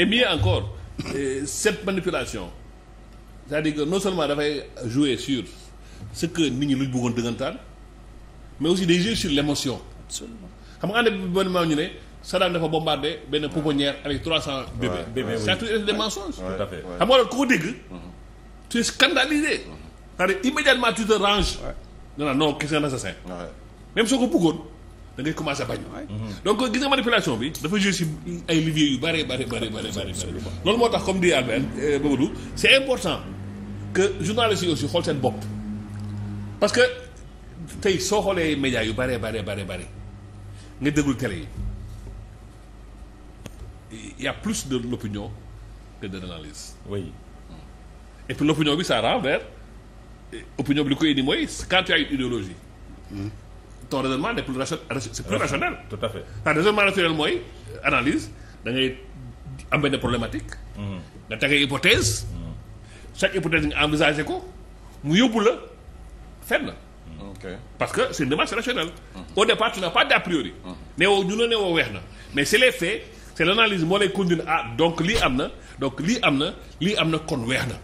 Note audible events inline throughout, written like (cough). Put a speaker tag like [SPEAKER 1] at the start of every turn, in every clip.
[SPEAKER 1] et mieux encore euh, cette manipulation c'est-à-dire que non seulement dafay jouer sur ce que nit ñi lu ñu bëggoon dëggantaan mais aussi day jouer sur l'émotion des mensonges. tout à fait xam nga loolu ku ko dégg. tu es scandalisé. Mm-hmm. c'est-à-dire immédiatement tu a ranges. non non non qu'est-ce soo ko bëggoon. da ngay commencé bañ. Mm-hmm. donc gis nga manipulation bi dafa joué si ay leviers yu bëree bëri bëri bëri bëri. loolu moo tax comme dit Albert euh, Mamadou c' est important que journalistes yi aussi xool seen bopp parce que tey soo xoolee médias yu bëree bëri bëri bëri nga déglu télé yi y' a plus de l' opinion que de l' analyse. oui bi ça renverse euh, opinion bi li koy indi mooy quand tu as ton raisonnement n'est plus rationnel c'est plus rationnel tout à fait ah raisonnement rationnel mooy analyse da ngay am benn problématique nga tegee hypothèse chaque hypothèse nga envisagé ko mu yóbbu la fen na Parce que c'est une démarche rationnelle. Mm -hmm. Au départ, tu n'as pas d'a priori. ne woo ñu ne woo weex na mais c'est les faits c'est l'analyse moo lay conduire ah donc lii am na donc lii am na lii am na kon weex na.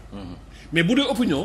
[SPEAKER 1] mais bu dee opinion.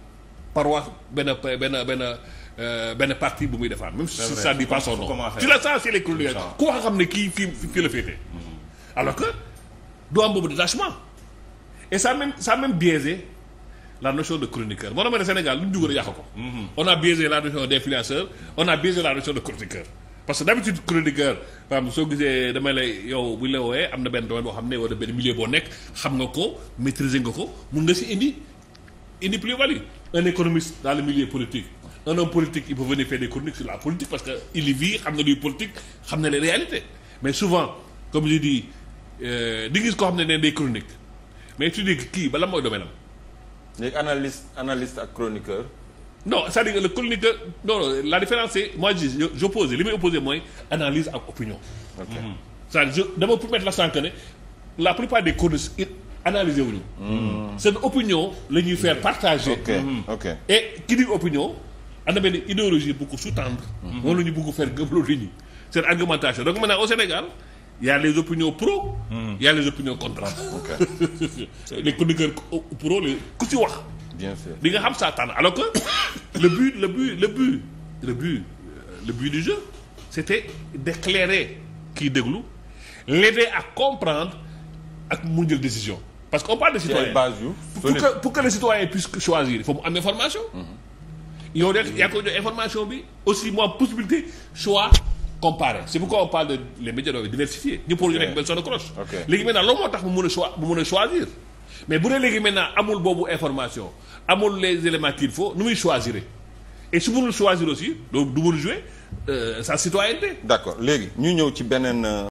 [SPEAKER 1] paroisse benn benn benn euh, benn parti bu muy defaan même si ça dit pas son nom tu la sens ku wax xam ne kii fii fii la féetee mm-hmm. alors que doo boobu détachement et ça même ça même biaisé la notion de chroniqueur moo tax ma ne Sénégal lu ñu jugal yàq ko mm-hmm. on a biaisé la notion d'influenceur on a biaisé la notion de chroniqueur parce que d'habitude chroniqueur par exemple soo gisee damay lay yow bu ñu la wooyee am na benn domaine boo xam ne wala benn milieu boo nekk xam nga ko maîtriser nga ko mun nga si indi indi plus-value un économiste dans le milieu politique un homme politique il peut venir faire des chroniques sur la politique parce que il y xam na luy politique xam na les réalités mais souvent comme je euh, di gis koo xam ne le chronique mais tu dis kii bala mooy domaine am. léegi analyste analyste ak chroniqueur. non c'est-à-dire le chroniqueur non la différence c'est moi je j'oppose li may opposé mooy analyse ak opinion. ok mm-hmm. cest dire je dama pour mettre la plupart des chroniques. analyser wuñu hmm. seen opinion la ñuy faire partager ok hmm. ok et ki di opinion am na benn idéologie bu ko sous-tendre hmm. moom la ñu bëgg faire gëmloo nit ñi seen argumentation donc maintenant au Sénégal y a les opinions pro y a les opinions contre ok (laughs) les chroniqueurs pro les ku si wax bien sûr li nga xam sa tànn alors que (coughs) le but le but le but le but euh, le but du jeu c'était d'éclairer kii déglu l'aider a comprendre ak mu décision parce que on parle de citoyen pour que le citoyen puisse choisir il faut mu am information. yow rek yaa koy jox information bi aussi mu am possibilité choix comparé c'est pourquoi on parle de les médias doivent diversifier ñu pour ñu nekk benn sonne cloche. léegi maintenant loolu moo tax mu mun a choisir mais bu dee léegi maintenant amul boobu information amul les éléments qu'il faut nu muy choisir et su munul choisir aussi donc du mun jouer euh, sa citoyenneté. léegi ñu ñëw ci beneen. Euh,